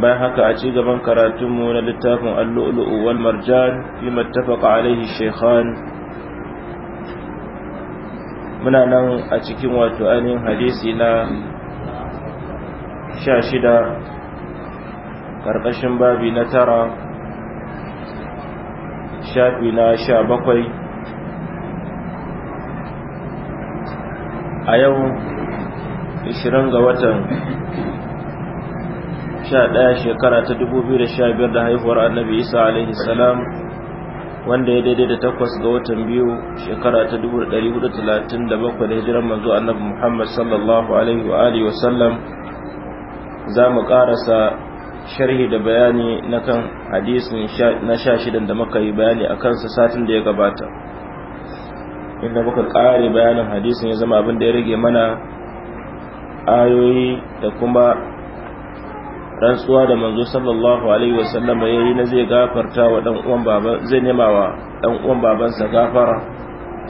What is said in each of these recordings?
bayan haka a ci gaban karatunmu na littafin allu'ulu'u wal marjan fi mattafaka alaihi shekhan muna nan a cikin wato ainihin hadisi na sha shida babi na tara shafi na sha bakwai a yau 20 ga watan 11 shekara ta 2015 da haihuwar annabi isa alaihi salam wanda ya daidai da takwas ga watan biyu shekara ta 1437 da hijiran manzo annabi muhammad sallallahu alaihi wa alihi wasallam za mu karasa sharhi da bayani na kan hadisun na sha shidan da muka yi bayani a kansa satin da ya gabata inda muka kare bayanin hadisun ya zama abin da ya rage mana ayoyi da kuma rantsuwa da manzo sallallahu alaihi wasallam ya yi na zai gafarta wa dan uwan baba zai nema wa dan uwan babansa gafara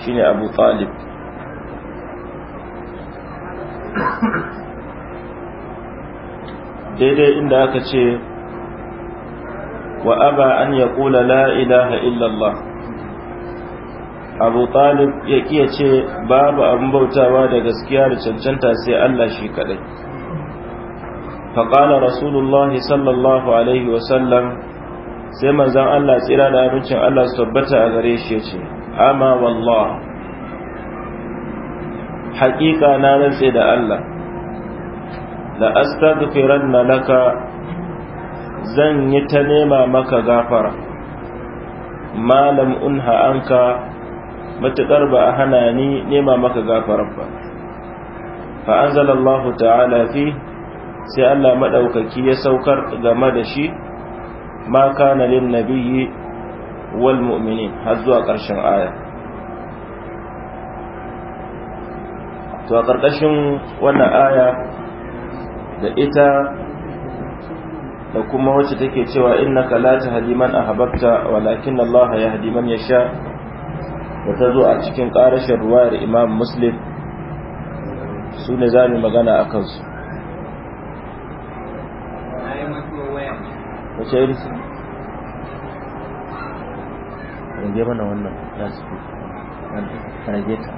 shine Abu Talib daidai inda aka ce wa aba an ya kula la ilaha illallah abu talib ya ce babu abin bautawa da gaskiya da cancanta sai allah shi kadai faƙala rasulullahi sallallahu alaihi wasallam sai manzan Allah tsira da abincin Allah su tabbata a gare shi ya ce amma wallah haƙiƙa na rantse da Allah la astaghfiranna laka zan yi ta nema maka gafara malam unha anka matuƙar ba a hana ni nema maka gafara ba fa anzalallahu ta'ala fi sai Allah maɗaukaki ya saukar game da shi ma kana lin nabiyyi wal mu'minin har zuwa ƙarshen aya to a ƙarƙashin wannan aya da ita da kuma wacce take cewa innaka la tahdi man ahbabta walakin Allah yahdi man yasha da ta zo a cikin ƙarashin ruwayar Imam Muslim sune ne za mu magana a kansu charity rage mana wannan rage ta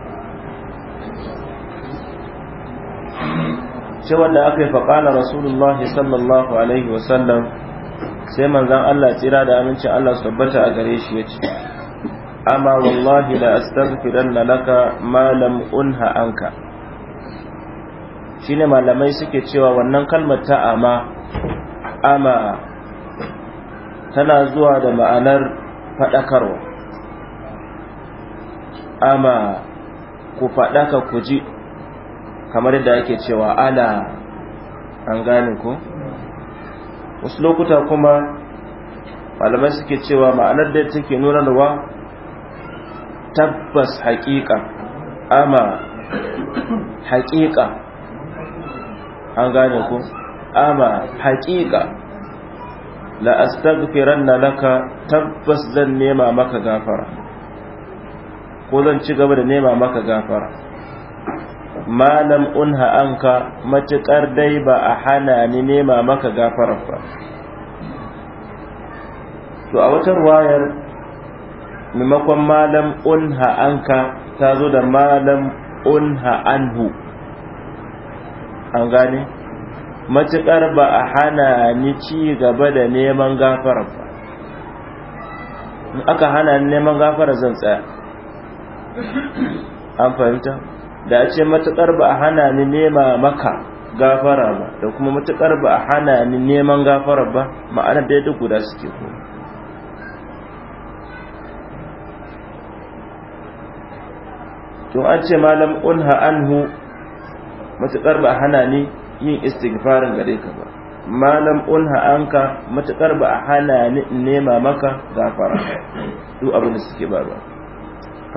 ce wanda aka yi faƙala rasulullahi sallallahu alaihi wasallam sai manzan Allah tsira da amincin Allah su tabbata a gare shi ya ce amma wallahi da la na laka malam lam unha anka shine malamai suke cewa wannan kalmar ta tana zuwa da ma'anar faɗakarwa amma ku faɗaka ku ji kamar yadda ake cewa ala an gane ku wasu lokuta kuma malamai suke cewa ma'anar da take wa tabbas haƙiƙa ama haƙiƙa an gane ku ama haƙiƙa la astaghfiranna laka tabbas zan nema maka gafara ko zan ci gaba da nema maka gafara malam unha anka matuƙar dai ba a hana ni nema maka gafara. ba to a wata wayar maimakon malam unha anka ta zo da malam unha anhu an gane matuƙar ba a hana ni ci gaba da neman gafara ba in aka hana ni neman gafara zan tsaya an fahimta da a ce matuƙar ba a hana ni nema maka gafara ba da kuma matuƙar ba a hana ni neman gafara ba ma'ana da duk guda suke ko to an ce malam unha anhu matuƙar ba a hana ni yin istighfarin gare ka ba malam unha anka matukar ba a hana ni nema maka gafara duk abin da suke ba ba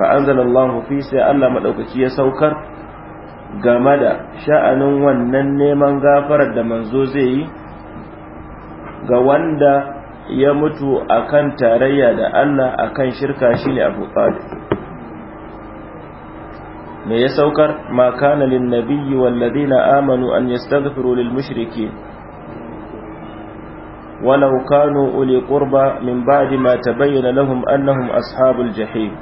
fa anzalallahu fi sai Allah madaukaki ya saukar game da sha'anin wannan neman gafarar da manzo zai yi ga wanda ya mutu akan tarayya da Allah akan shirka shine Abu Talib me ya saukar ma kana lin nabiyyi wal ladina amanu an yastaghfiru lil mushriki ولو كانوا أولي قربى من بعد ما تبين لهم أنهم ashabul الجحيم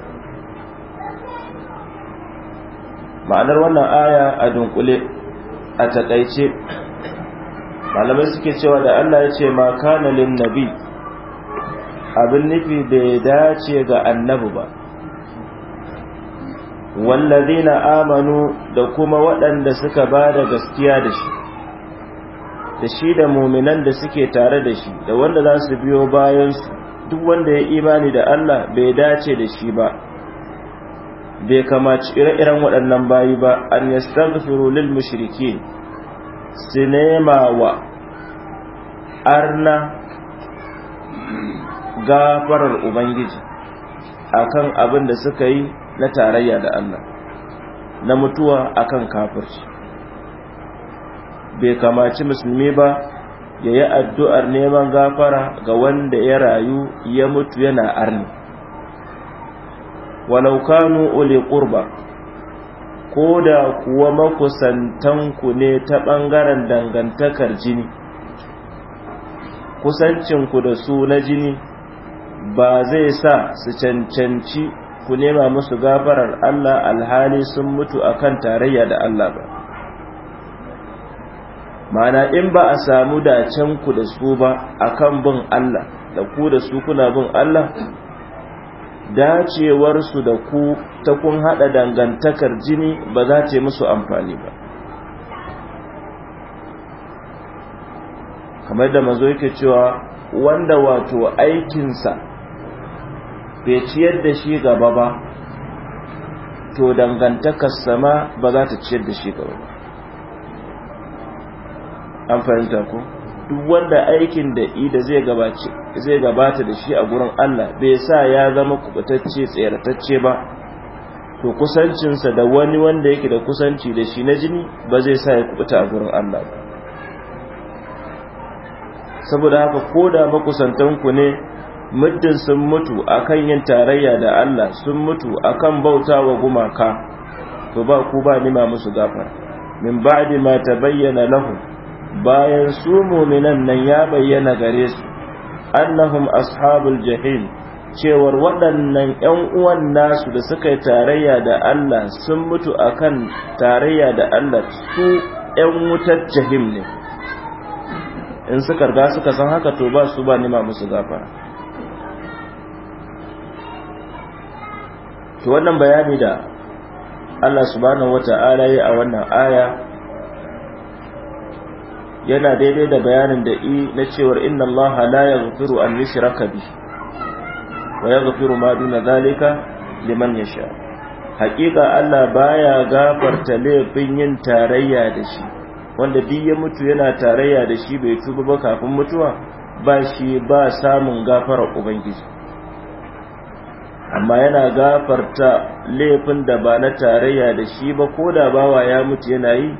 ma'anar wannan aya a dunkule a takaice malamai suke cewa da Allah ya ce ma kana lin nabi abin nufi bai dace ga annabi ba wallazina amanu da kuma waɗanda suka ba da gaskiya da shi da shi da muminan da suke tare da shi da wanda za su biyo bayansu duk wanda ya imani da Allah bai dace da shi ba bai kamaci ire-iren waɗannan bayi ba an yastaghfiru lil mushrikin sinema wa arna gafarar ubangiji akan abin da suka yi na tarayya da Allah na mutuwa akan kafirci bai kamaci musulmi ba ya yi addu'ar neman gafara ga wanda ya rayu ya mutu yana arni walau kanu uli ƙurba ko da kuwa makusantanku ne ta ɓangaren dangantakar jini kusancinku da su na jini ba zai sa su cancanci ku nema musu gafarar Allah alhali sun mutu akan tarayya da Allah ba mana in ba a samu dacen ku da su ba akan bin Allah da ku da su kuna bin Allah Dacewar su da ku ta kun haɗa dangantakar jini ba za ce musu amfani ba kamar da mazo yake cewa wanda wato aikinsa bai ciyar da shi gaba ba to dangantakar sama ba za ta ciyar da shi gaba ba an fahimta ku? duk wanda aikin da ida zai gabata da shi a gurin Allah bai sa ya zama kubatacce tseratacce ba to kusancinsa da wani wanda yake da kusanci da shi na jini ba zai sa ya kubuta a gurin Allah ba saboda haka ko da makusantanku ne muddin sun mutu akan yin tarayya da Allah sun mutu akan bauta wa gumaka to ba ku ba nima musu gafar min ba'di ma tabayyana lahum bayan su mu'minan nan ya bayyana gare su annahum ashabul jahim cewar waɗannan 'yan uwan nasu da suka yi tarayya da Allah sun mutu akan tarayya da Allah su 'yan wutar jahim ne in suka riga suka san haka to ba su ba nima musu gafara to wannan bayani da Allah subhanahu wata'ala ya a wannan aya yana daidai da bayanin da i na cewar inna Allah la yaghfiru an yushraka bi wa yaghfiru ma duna zalika liman yasha haƙiƙa Allah baya gafarta laifin yin tarayya da shi wanda duk ya mutu yana tarayya da shi bai tuba ba kafin mutuwa ba shi ba samun gafarar ubangiji amma yana gafarta laifin da ba na tarayya da shi ba ko da bawa ya mutu yana yi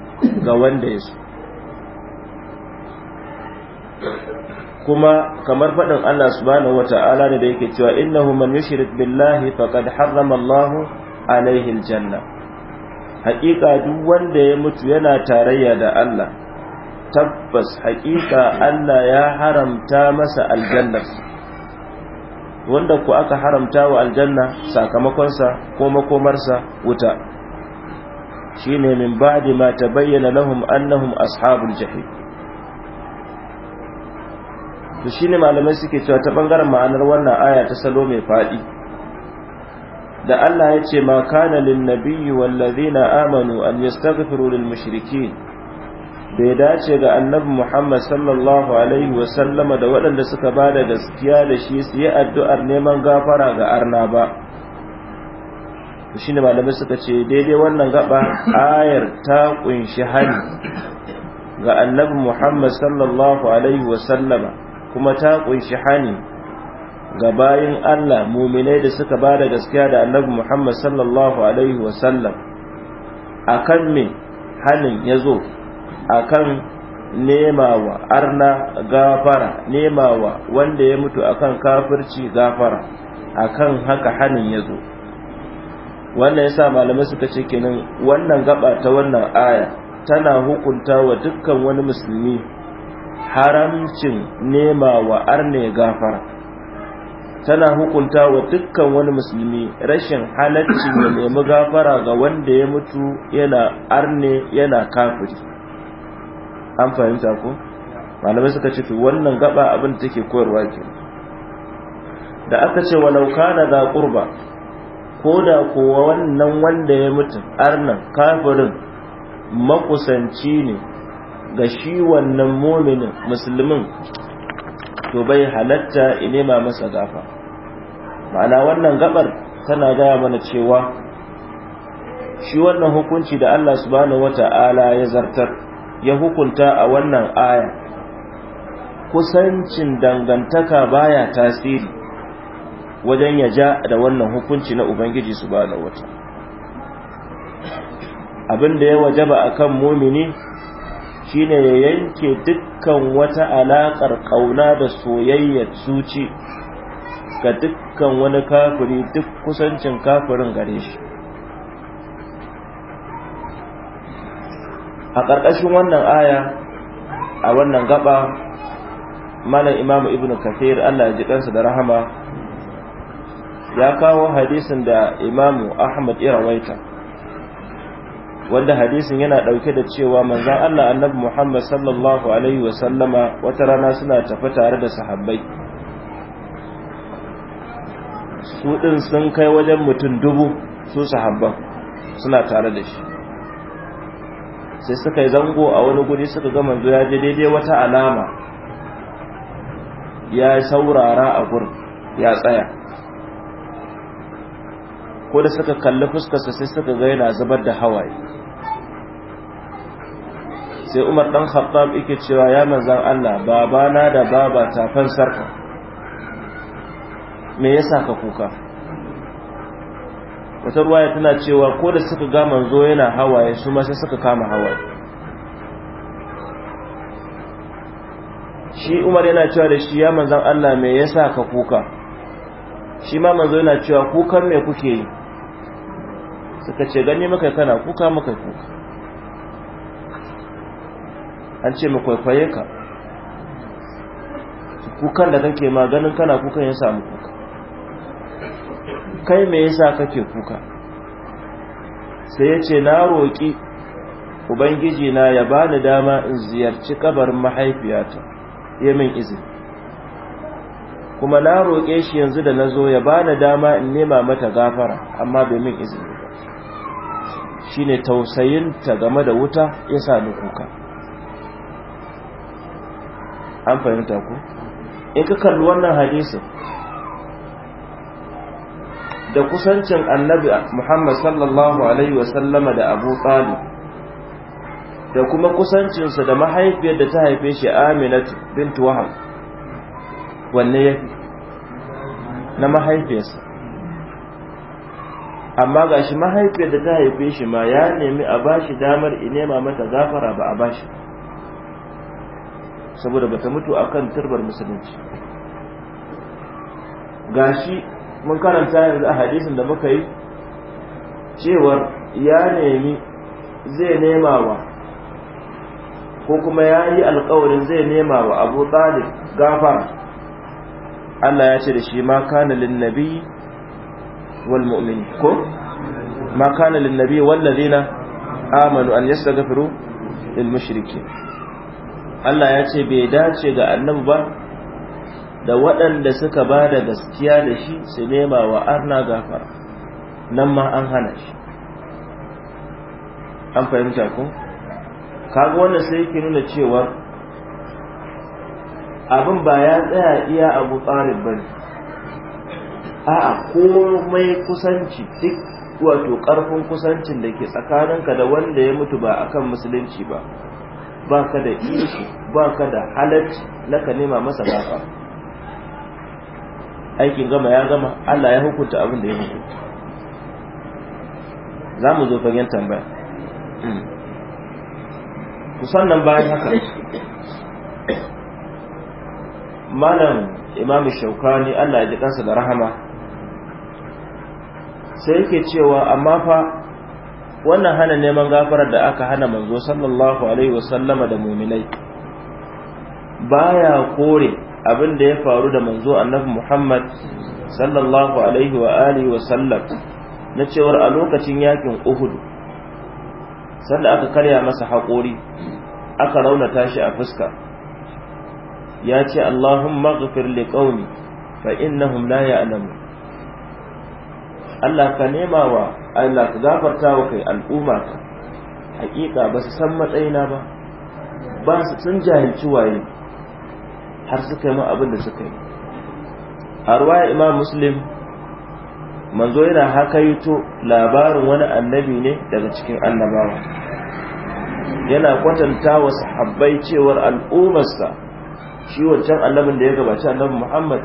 ga wanda ya kuma kamar faɗin Allah subhanahu wata'ala ne da yake cewa innahu man yushrik billahi faqad harrama Allahu alaihi aljanna haƙiƙa duk wanda ya mutu yana tarayya da Allah tabbas haƙiƙa Allah ya haramta masa aljannar wanda ku aka haramta wa aljanna sakamakonsa ko makomarsa wuta ne min ba'di ma tabayyana lahum annahum ashabul jahim to shine malamai suke cewa ta bangaren ma'anar wannan aya ta salo mai faɗi. da Allah ya ce ma kana lin nabiyyi ladina amanu an yastaghfiru lil mushrikin. bai dace ga annabi Muhammad sallallahu alaihi wa sallama da waɗanda suka ba da gaskiya da shi su yi addu'ar neman gafara ga arna ba shi ne malamai suka ce daidai wannan gaba ayar ta kunshi hani ga annabi Muhammad sallallahu alaihi wa sallama kuma ta kunshi hani ga bayin Allah muminai da suka ba da gaskiya da annabi Muhammad sallallahu alaihi wa sallam akan me halin ya zo akan nemawa arna gafara nemawa wanda ya mutu akan kafirci gafara akan haka hanin ya zo wannan yasa malamai suka ce kenan wannan gaba ta wannan aya tana hukunta wa dukkan wani musulmi haramcin nemawa arna gafara tana hukunta wa dukkan wani musulmi rashin halaccin ya nemi gafara ga wanda ya mutu yana arne yana kafiri an fahimta ko malamai suka ce to wannan gaba abin da take koyarwa ke da aka ce walau kana za qurba ko da kowa wannan wanda ya mutu arnan kafirin makusanci ne ga shi wannan muminin musulmin to bai halatta inema masa gafa ma'ana wannan gabar tana gaya mana cewa shi wannan hukunci da Allah subhanahu wata'ala ya zartar ya hukunta a wannan aya kusancin dangantaka baya tasiri wajen ya ja da wannan hukunci na ubangiji su ba da wata abinda ya wajaba akan shi ne ya yanke dukkan wata alaƙar ƙauna da soyayyar zuci ga dukkan wani kafiri duk kusancin kafirin gare shi a ƙarƙashin wannan aya a wannan gaba malam imamu Ibn kafir Allah ya ji ƙansa da rahama ya kawo hadisin da imamu ahmad irawaita wanda hadisin yana ɗauke da cewa manzan Allah annabi Muhammad sallallahu alaihi wasallama wata rana suna tafi tare da sahabbai su ɗin sun kai wajen mutum dubu su sahabban suna tare da shi sai suka yi zango a wani guri suka ga manzo ya je daidai wata alama ya saurara a gurin ya tsaya ko da suka kalli fuskarsa sai suka ga yana zubar da hawaye sai umar dan khattab yake cewa ya manzan Allah babana da baba ta fansarka me yasa ka kuka wata ruwaya tana cewa ko da suka ga manzo yana hawaye su ma sai suka kama hawaye shi umar yana cewa da shi ya manzan Allah me yasa ka kuka shi ma manzo yana cewa kukan me kuke yi suka ce ganye maka kana kuka maka kuka an ce mu kwaikwaye ka kukan da kake maganin kana kukan ya samu kuka kai me yasa kake kuka sai ya ce na roƙi ubangiji na ya bani dama in ziyarci kabarin mahaifiyata ya min izini kuma na roƙe shi yanzu da na zo ya bani dama in nema mata gafara amma bai min izini ba shine tausayinta game da wuta ya sa ni kuka an fahimta ku in ka kalli wannan hadisin da kusancin annabi Muhammad sallallahu Alaihi sallama da Abu Talib da kuma kusancinsa da mahaifiyar da ta haife shi Aminat bintu Wahab wanne ya na mahaifiyarsa amma ga shi mahaifiyar da ta haife shi ma ya nemi a bashi damar inema mata gafara ba a bashi saboda bata mutu akan turbar musulunci gashi mun karanta yanzu a hadisin da muka yi cewar ya nemi zai nema wa ko kuma ya yi alkawarin zai nema wa abu talib gafar Allah ya ce da shi ma kana linnabi wal mu'min ko ma kana linnabi wal ladina amanu an yastaghfiru lil mushrikin Allah ya ce bai dace ga annabi ba da waɗanda suka ba da gaskiya da shi su nema wa arna gafara nan ma an hana shi an fahimta ku kaga wannan sai yake nuna cewa abin ba ya tsaya iya abu tsarin ba ne a'a komai kusanci duk wato ƙarfin kusancin da ke tsakaninka da wanda ya mutu ba akan musulunci ba ba ka da ishi ba ka da halacci na ka nema masa gafara aikin gama ya gama Allah ya hukunta abin da ya hukunta za mu zo fagen tambaya musannan hmm. bayan haka malam imam shaukani Allah ya ji kansa da rahama sai yake cewa amma fa wannan hana neman gafarar da aka hana manzo sallallahu alaihi wasallama da muminai baya kore abin da ya faru da manzo annabi Muhammad sallallahu alaihi wa alihi wa sallam na cewar a lokacin yakin Uhud sanda aka karya masa haƙori aka raunata shi a fuska ya ce Allahumma ghfir li qaumi fa innahum la ya'lamun Allah ka nema wa Allah ka gafarta wa kai al'umma ka hakika ba su san matsayina ba ba su san jahilci waye har suka yi abin da suka yi a ruwaya imam muslim manzo yana to labarin wani annabi ne daga cikin annabawa yana kwatanta wa sahabbai cewar al'ummarsa shi wancan annabin da ya gabaci annabi muhammad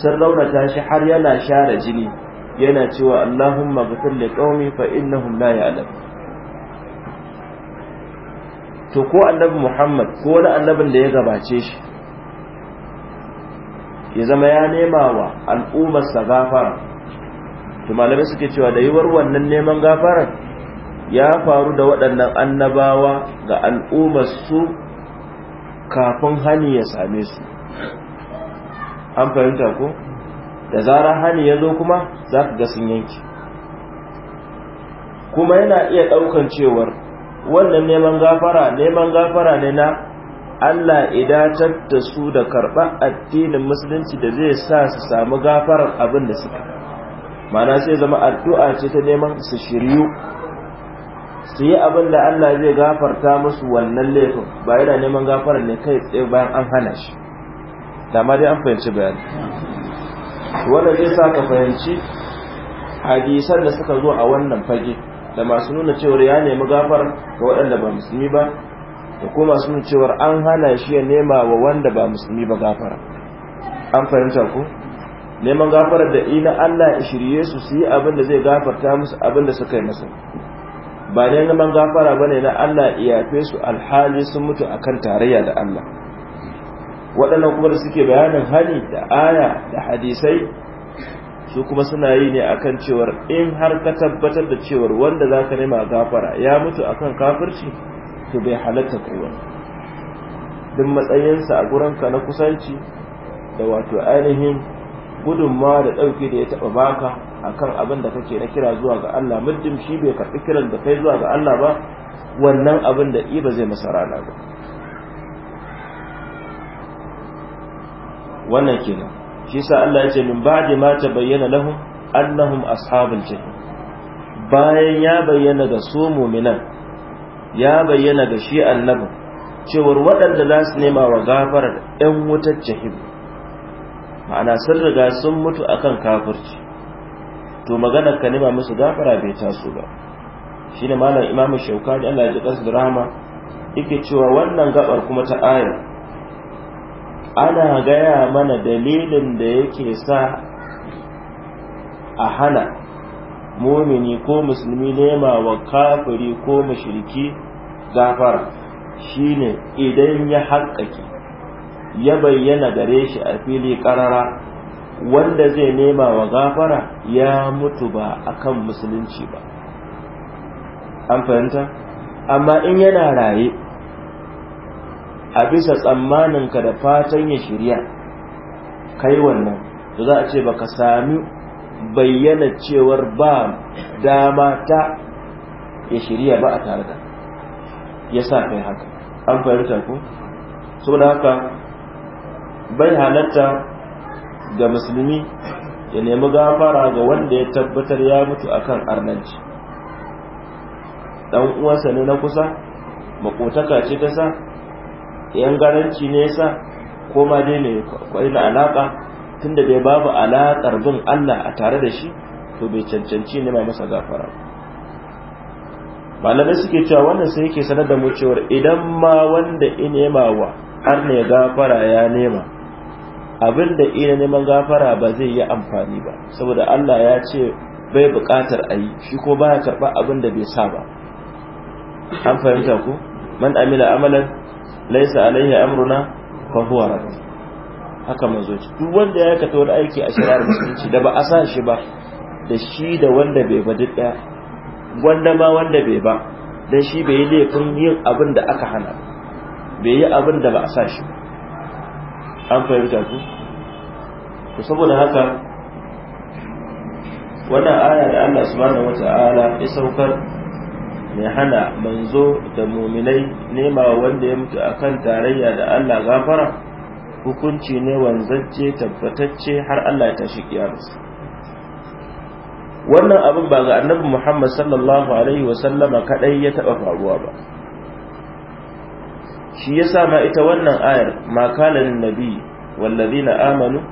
sun raunata shi har yana share jini yana cewa allahumma gafir li qaumi fa innahum la ya'lam to ko annabi muhammad ko wani annabin da ya gabace shi ya zama ya nema wa al'ummarsa gafara to malamai suke cewa da yiwuwar wannan neman gafara ya faru da waɗannan annabawa ga al'ummarsu kafin hani ya same su an fahimta ko da zarar hani ya zo kuma za ka ga sun yanki kuma yana iya ɗaukan cewar wannan neman gafara neman gafara ne na Allah idatar da su da karɓa addinin musulunci da zai sa su samu gafarar abin da suka mana sai zama addu'a ce ta neman su shiryu su yi abin da Allah zai gafarta musu wannan laifin ba yana neman gafarar ne kai tsaye bayan an hana shi da ma dai an fahimci bayani wanda zai sa ka fahimci hadisan da suka zo a wannan fage da masu nuna cewar ya nemi gafar ga waɗanda ba musulmi ba da kuma sun cewar an hana shi ya nema wa wanda ba musulmi ba gafara an fahimta ku? neman gafara da ina Allah ya shirye su su yi abin da zai gafarta musu abin da suka yi masa ba ne neman gafara ba ne na Allah ya yafe su alhali sun mutu akan tarayya da Allah waɗannan kuma da suke bayanin hali da aya da hadisai su kuma suna yi ne akan cewar in har ka tabbatar da cewar wanda za ka nema gafara ya mutu akan kafirci to bai halatta kai wani duk matsayinsa a gurinka na kusanci da wato ainihin gudunma da ɗauki da ya taɓa baka akan abin da kake na kira zuwa ga Allah muddin shi bai karɓi kiran da kai zuwa ga Allah ba wannan abin da ba zai masa rana ba wannan kenan shi sa Allah ya ce min ba'di ma ta bayyana lahum annahum ashabul jannah bayan ya bayyana ga su mu'minan ya bayyana ga shi annabin cewar waɗanda za su nema wa gafarar 'yan wutar jahim ma'ana sun riga sun mutu akan kafirci to maganar ka nema musu gafara bai taso ba Shi ne malam Imam shaukani Allah ji ƙasar rahama yake cewa wannan gabar kuma ta aya ana gaya mana dalilin da yake sa a hana mumini ko musulmi nema wa kafiri ko mushriki gafara shine idan ya haƙƙaƙe ya bayyana gare shi a fili ƙarara wanda zai nema wa gafara ya mutu ba akan musulunci ba an fahimta amma in yana raye a bisa tsammanin ka da fatan ya shirya kai wannan to za a ce baka sami bayyana cewar ba dama ta ya shirya ba a tare da ya sa kai haka an fahimta ko saboda haka bai halatta ga musulmi ya nemi gafara ga wanda ya tabbatar ya mutu akan arnanci dan uwansa ne na kusa makotaka ce ta sa yan garanci ne ya sa ko ma dai mai kwai na alaka tunda bai babu alaƙar bin Allah a tare da shi to bai cancanci ne mai masa gafara malamai suke cewa wannan sai yake sanar da mu cewa idan ma wanda in nema wa har ne gafara ya nema abin da ina neman gafara ba zai yi amfani ba saboda Allah ya ce bai buƙatar a yi shi ko baya karɓa abin da bai sa ba an fahimta ku man amila amalan laisa alaihi amruna fa huwa rad haka manzo ci duk wanda ya aikata wani aiki a shari'ar musulunci da ba a sa shi ba da shi da wanda bai ba duk ɗaya wanda ma wanda bai ba dan shi bai yi laifin yin abin da aka hana bai yi abin da ba a sa shi an fahimta ku to saboda haka wannan aya da Allah subhanahu wata'ala ya saukar mai hana manzo da muminai nema wanda ya mutu akan tarayya da Allah gafara hukunci ne wanzacce tabbatacce har Allah ya tashi kiyamarsa wannan abin ba ga annabi Muhammad sallallahu alaihi wa sallama kadai ya taba faruwa ba shi yasa ma ita wannan ayar ma kana lin nabi ladina amanu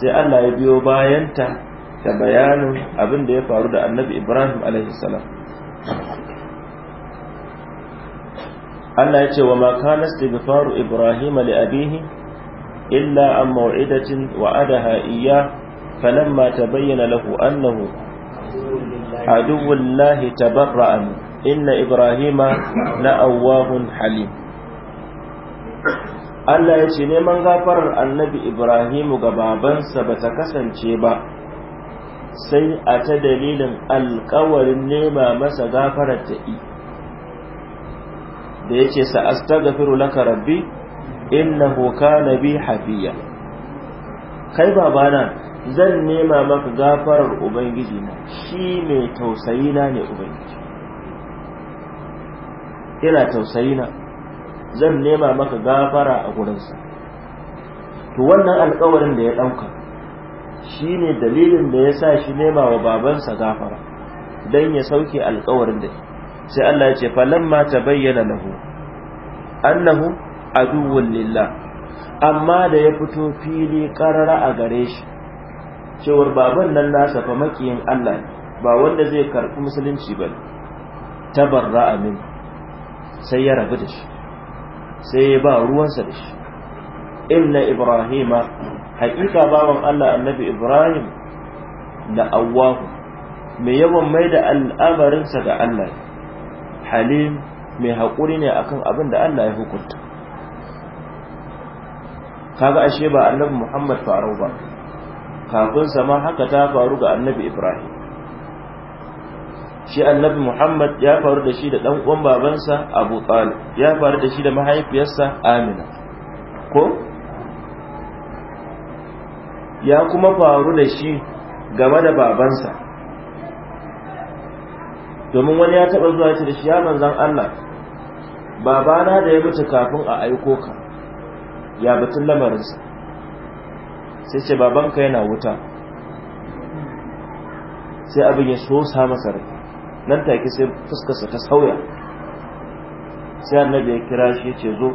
sai Allah ya biyo bayanta da bayanin abin da ya faru da annabi Ibrahim alaihi salam Allah ya ce wa ma kana istighfaru Ibrahim li abihi إلا عن موعدة وعدها إياه فلما تبين له أنه عدو الله تبرأ منه إن إبراهيم لأواه حليم Allah ya ce neman gafarar annabi Ibrahimu ga babansa ba ta kasance ba sai a ta dalilin alkawarin nema masa gafarar ta'i da ya ce sa'asta gafiru laka rabbi innahu kana bi hafiya kai babana zan nema maka gafarar ubangiji na shi mai tausayi na ne ubangiji yana tausayi na zan nema maka gafara a gurinsa to wannan alkawarin da ya ɗauka shi ne dalilin da ya sa shi nema wa babansa gafara don ya sauke alkawarin da sai Allah ya ce falamma ta bayyana lahu annahu aduwun lillah amma da ya fito fili karara a gare shi cewar baban nan nasa fa makiyin Allah ba wanda zai karɓi musulunci ba tabarra amin sai ya rabu da shi sai ya ba ruwansa da shi inna ibrahima haƙiƙa bawan Allah annabi ibrahim da awwahu mai yawan mai da al'amarinsa ga Allah halim mai haƙuri ne akan abin da Allah ya hukunta kaga ashe ba annabi muhammad faru ba kafin sama haka ta faru ga annabi ibrahim shi annabi muhammad ya faru da shi da dan uwan babansa abu talib ya faru da shi da mahaifiyarsa amina ko ya kuma faru da shi game da babansa domin wani ya taɓa zuwa ce da shi ya manzan Allah babana da ya mutu kafin a aiko ka ya batun lamarinsa sai ce babanka yana wuta sai abin ya so sa masa rai nan take sai fuskarsa ta sauya sai annabi ya kira shi ya ce zo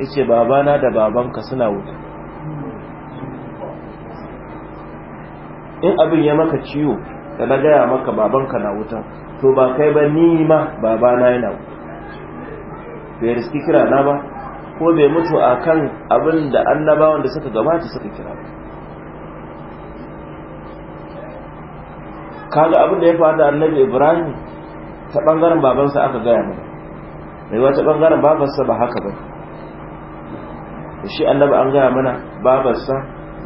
ya ce babana da babanka suna wuta in abin ya maka ciwo da na gaya maka babanka na wuta to ba kai ba ni ma babana yana wuta bai riski kira na ba ko bai mutu a kan abin da annabawan da suka gabata suka kira kaga abin da ya faru da annabi ibrahim ta bangaren babansa aka gaya mana mai wata bangaren babansa ba haka ba shi annabi an gaya mana babansa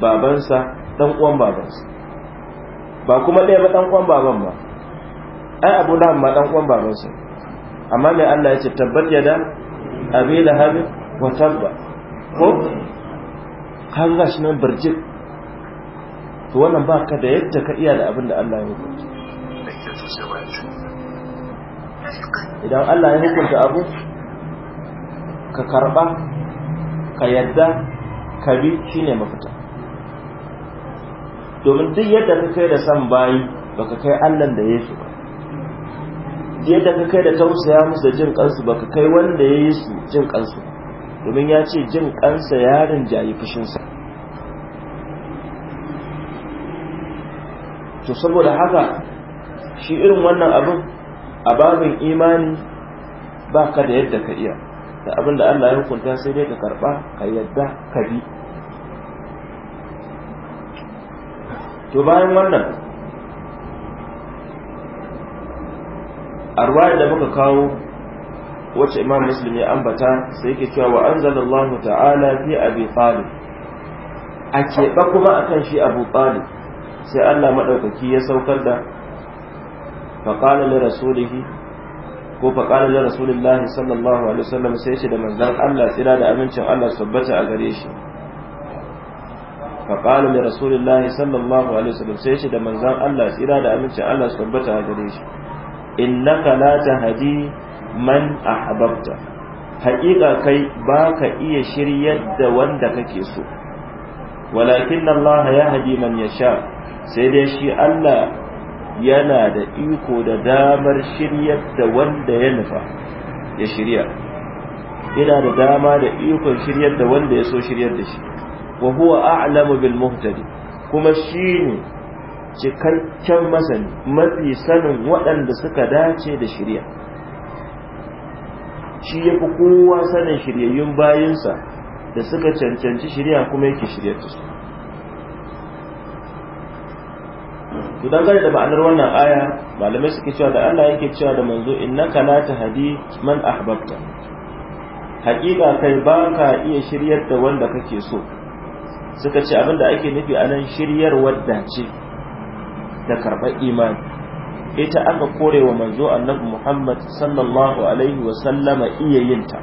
babansa dan uwan babansa ba kuma ɗaya ba dan uwan baban ba ai abu da ma dan uwan babansa amma mai allah ya ce tabbat yada abi lahabin ba ko kan gashi nan birjik to wannan ba ka da yadda ka iya da abin da Allah ya hukunta idan Allah ya hukunta abu ka karba ka yadda ka bi shine mafita domin duk yadda ka kai da san bayi baka kai Allah da Yesu ba yadda ka kai da tausaya musu jin kansu baka kai wanda ya yi su jin kansu ba domin ya ce jin kansa yarin jayi fushinsa to saboda haka shi irin wannan abin a babin imani ba ka da yadda ka iya da abin da Allah ya hukunta sai dai ka karba ka yadda ka bi to bayan wannan a da muka kawo wacce imam muslim ya ambata sai yake cewa wa anzalallahu ta'ala fi abi talib a keɓa kuma akan shi abu talib sai allah maɗaukaki ya saukar da faƙalar na rasulihi ko faƙalar na rasulillahi sallallahu alaihi wasallam sai shi da manzan allah tsira da amincin allah sabbata a gare shi faƙalar na rasulillahi sallallahu alaihi wasallam sai shi da manzan allah tsira da amincin allah sabbata a gare shi innaka la tahdi man ahbabta haƙiƙa kai ba ka iya shiryar da wanda kake so walakin Allah ya haɗi man ya sha sai dai shi Allah yana da iko da damar shiryar da wanda ya nufa ya shirya yana da dama da ikon shiryar da wanda ya so shiryar da shi wa huwa a'lamu bil muhtadi kuma ne cikakken masani mafi sanin waɗanda suka dace da shirya shi ya fi kowa sanin shiryayyun bayinsa da suka cancanci shirya kuma yake shirya ta su to dangane da ma'anar wannan aya malamai suke cewa da Allah yake cewa da manzo innaka la tahdi man ahbabta haƙiƙa kai ba ka iya shiryar da wanda kake so suka ce abinda ake nufi a nan shiryar wadda ce da karɓar imani ita aka kore wa manzo annabi Muhammad sallallahu alaihi wa sallama iya yinta.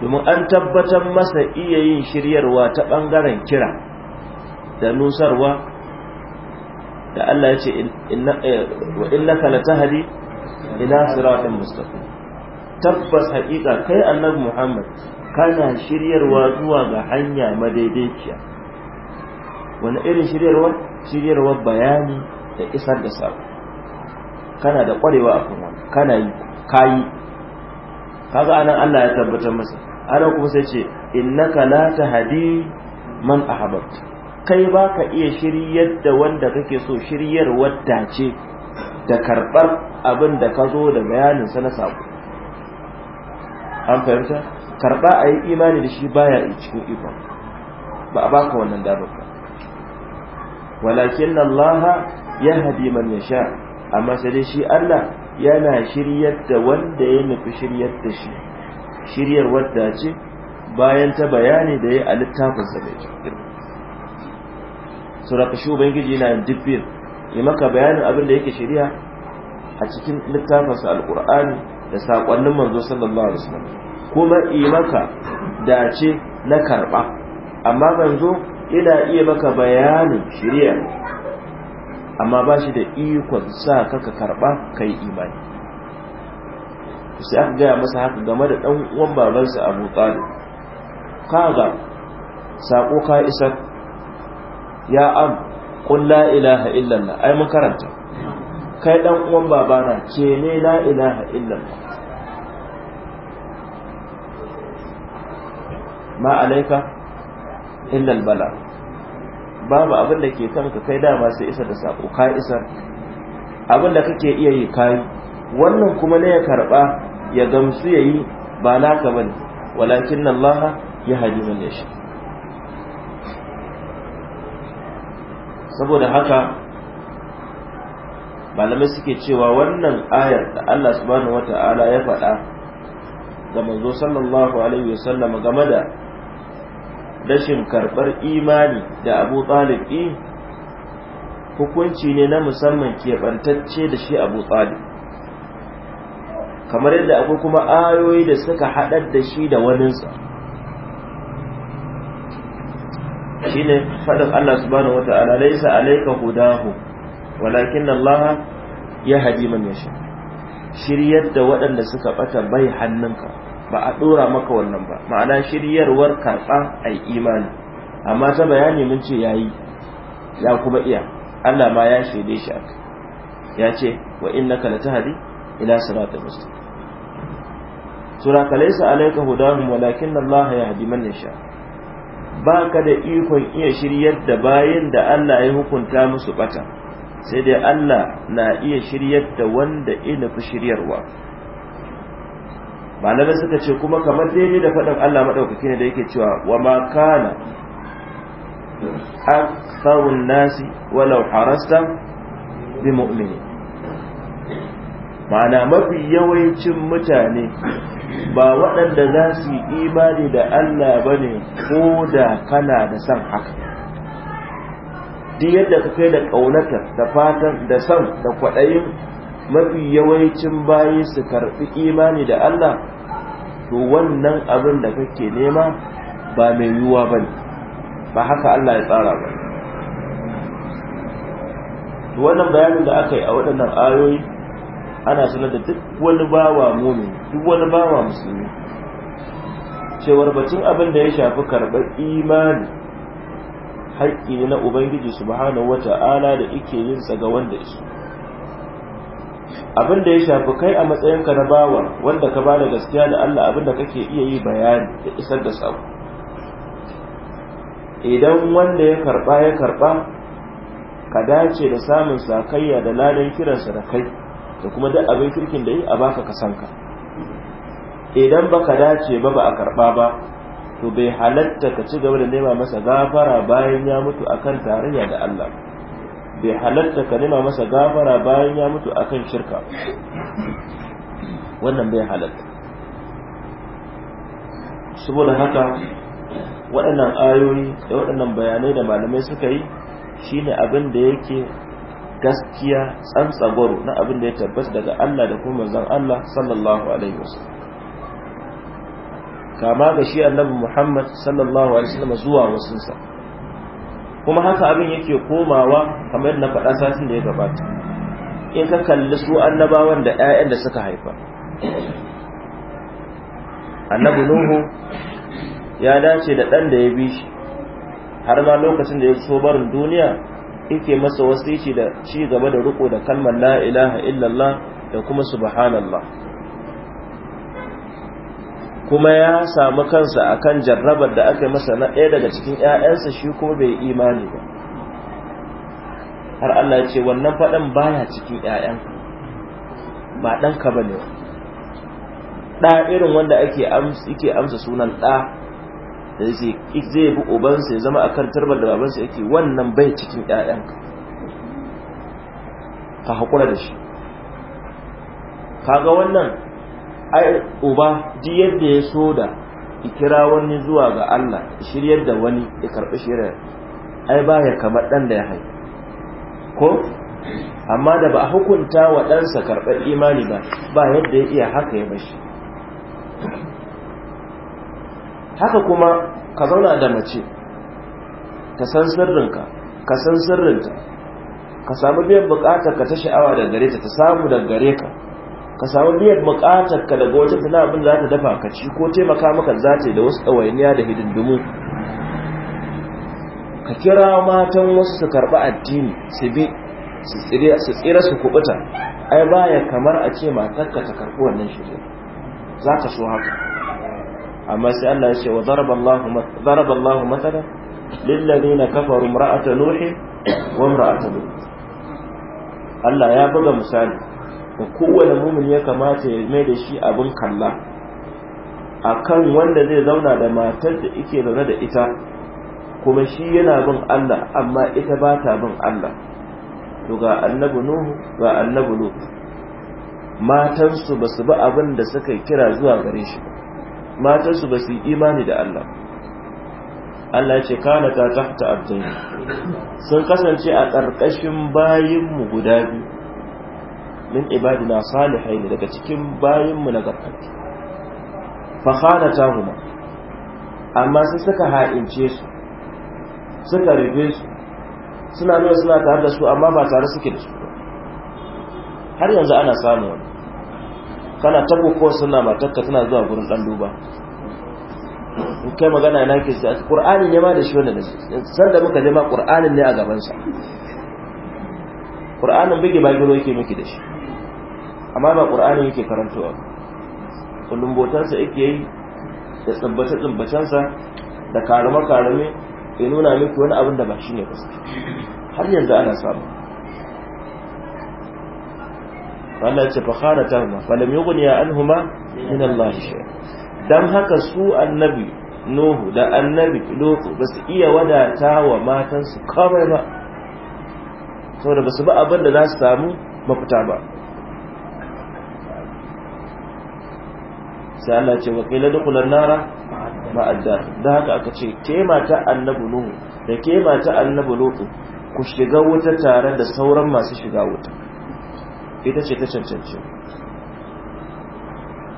domin an tabbatar masa iya yin shiryarwa ta bangaren kira da nusarwa da Allah ya ce eh, wa innaka latahdi ila siratin mustaqim tabbas haƙiƙa kai annabi Muhammad kana shiryarwa zuwa ga hanya madaidaiciya wani irin shiryarwa shiryarwa bayani da isar da sako kana da kwarewa a kuma kana yi kayi kaga anan Allah ya tabbatar masa anan kuma sai ce innaka la tahdi man ahabbat kai ba ka iya shiryar da wanda kake so shiryar wadda ce da karɓar abin da ka zo da bayaninsa na sako an fahimta karba a yi imani da shi baya cikin ikon ba a baka wannan damar ba walakin Allah hadi man yasha amma sai dai shi Allah yana shiryar da wanda ya nufi shiryar da shi shiryar wadda ce bayan ta bayani da ya a littafin sa mai sura suraka shi ubangiji yana dubbin yi maka bayanin abin da yake shirya a cikin littafin sa alqur'ani da saƙonnin manzo sallallahu alaihi wasallam kuma yi maka dace na karɓa amma manzo yana iya maka bayanin shari'a amma ba shi da ikon sa kaka karba kai imani sai aka gaya masa haka game da ɗan uwan babansa abu tsari kaga saƙo ka isa ya am kun la illallah ai mun karanta kai ɗan uwan babana ke ne la illallah ma alaika illal bala babu abin da ke kanka kai dama sai isa da sako ka isa abin da kake iya yi kayi wannan kuma ne ya karba ya gamsu yayi yi ba ka bane walakin Allah ya haji man ya shi saboda haka malamai suke cewa wannan ayar da Allah subhanahu wata'ala ya faɗa ga manzo sallallahu alaihi wasallam game da rashin karɓar imani da abu ɗalibi hukunci ne na musamman keɓantacce da shi abu ɗalib kamar yadda akwai kuma ayoyi da suka haɗar da shi da waninsa shi ne faɗin Allah subhanahu wa ta'ala laisa alaika hudahu walakin Allah ya hadi man yasha shiryar da waɗanda suka ɓata bai hannunka ba a ɗora maka wannan ba ma'ana shiryarwar karba a imani amma ta bayani mun ce ya yi ya kuma iya Allah ma ya shaide shi aka ya ce wa innaka latahdi ila siratal mustaqim sura kalaysa alayka hudahum walakin Allah yahdi man yasha baka da ikon iya shiryar da bayan da Allah ya hukunta musu bata sai dai Allah na iya shiryar da wanda ina fi shiryarwa malamai suka ce kuma kamar daidai da faɗin Allah maɗaukaki ne da yake cewa wa ma kana aktharun nasi walau harasta bi mu'mini ma'ana mafi yawancin mutane ba waɗanda za su yi imani da Allah bane ko da kana da san haka duk yadda ka kai da ƙaunatar da fatan da san da kwaɗayin mafi yawancin bayi su karɓi imani da Allah to wannan abin da kake nema ba mai yiwuwa ba ne ba haka Allah ya tsara ba to wannan bayanin da aka yi a waɗannan ayoyi ana sanar da duk wani bawa mumi duk wani bawa musulmi cewar batun abin da ya shafi karɓar imani haƙƙi na ubangiji subhanahu wata'ala da ike yin sa ga wanda isu abin da ya shafi kai a matsayinka na bawa wanda ka bada gaskiya da Allah abin da kake iya yi bayani da isar da sako idan wanda ya karba ya karba ka dace da samun sakayya da ladan kiransa da kai da kuma duk abin kirkin da yi a baka sanka idan baka dace ba ba a karba ba to bai halatta ka ci gaba da nema masa gafara bayan ya mutu akan tarayya da Allah bai halarta ka nema masa gafara bayan ya mutu akan shirka wannan bai halatta saboda haka waɗannan ayoyi da waɗannan bayanai da malamai suka yi shi ne abin da yake gaskiya tsantsagoro na abin da ya tabbata daga Allah da kuma manzon Allah sallallahu alaihi wasallam kama ga shi annabi Muhammad sallallahu alaihi wasallam zuwa wasunsa kuma haka abin yake komawa kamar yadda na faɗa satin da ya gabata in ka kalli su annabawan da 'ya'yan da suka haifa annabi nuhu ya dace da ɗan da ya bi shi har ma lokacin da ya so barin duniya yake masa wasici da ci gaba da riko da kalmar la ilaha illallah da kuma subhanallah kuma ya samu kansa a kan jarrabar da aka masa na ɗaya daga cikin 'ya'yansa, shi kuma bai imani ba har Allah ce wannan faɗan baya cikin ‘ya’yan ba ka ba ne ɗa irin wanda ake amsa sunan ɗa da zai bi ubansa ya zama a kan turbar da babansa yake wannan bai cikin yayan ka haƙura da shi kaga wannan ai uba ji yadda ya so da kira wani zuwa ga Allah shiryar da wani ya karɓi shiryar ai ba ya kamar ɗan da ya hai ko amma da ba a hukunta wa ɗansa karɓar imani ba ba yadda ya iya haka ya bashi haka kuma ka zauna da mace ka san sirrinka ka san sirrinta ka samu biyan bukatar ka ta sha'awa da gare ta ta samu da gare ka ka samu miyar bukatar ka daga wajen tana abin za ta dafa ka ci ko taimaka maka za ta da wasu ɗawainiya da hidindimu ka kira matan wasu su karɓi addini su bi su tsira su kubuta ai baya kamar a ce matarka ta karɓi wannan shirin za ta so haka amma sai Allah ya ce wa zaraba Allah matsala lillazina kafaru mar'ata nuhi wa mar'ata lut Allah ya buga misali da kowane mumin ya kamata ya mai da shi abin kalla a kan wanda zai zauna da matar da ike zaune da ita kuma shi yana bin Allah amma ita ba ta bin Allah to ga annabi Nuhu ga annabi Lut matansu ba su bi abin da suka kira zuwa gare shi matansu ba su yi imani da Allah Allah ce kana ta tahta abdai sun kasance a ƙarƙashin bayinmu guda biyu min ibadina salihaini daga cikin bayanmu na ta huma. amma sai suka ha'ince su suka rufe su suna nuna suna tare da su amma ba tare suke da su har yanzu ana samu wani kana tabo ko suna matakka suna zuwa gurin dan duba in kai magana yana ke sai qur'ani ne ma da shi wanda na wannan san da muka nema ma ne a gaban sa qur'anin bige bagiro yake miki da shi amma ba qur'ani yake karantawa kulumbotansa yake yi da tsabbace tsabbacensa da karama karame ya nuna miki wani abin da ba ne gaske har yanzu ana samu ce ya ta huma fa falam yughniya anhuma min Allah shay'a dan haka su annabi Nuhu da annabi Lutu ba su iya wadata wa matansu kawai ba saboda ba su ba abin da za su samu mafita ba sai Allah ce wa qila dukhulan nara ma'addar da haka aka ce ke mata annabi nuhu da ke mata annabi lutu ku shiga wuta tare da sauran masu shiga wuta ita ce ta cancanci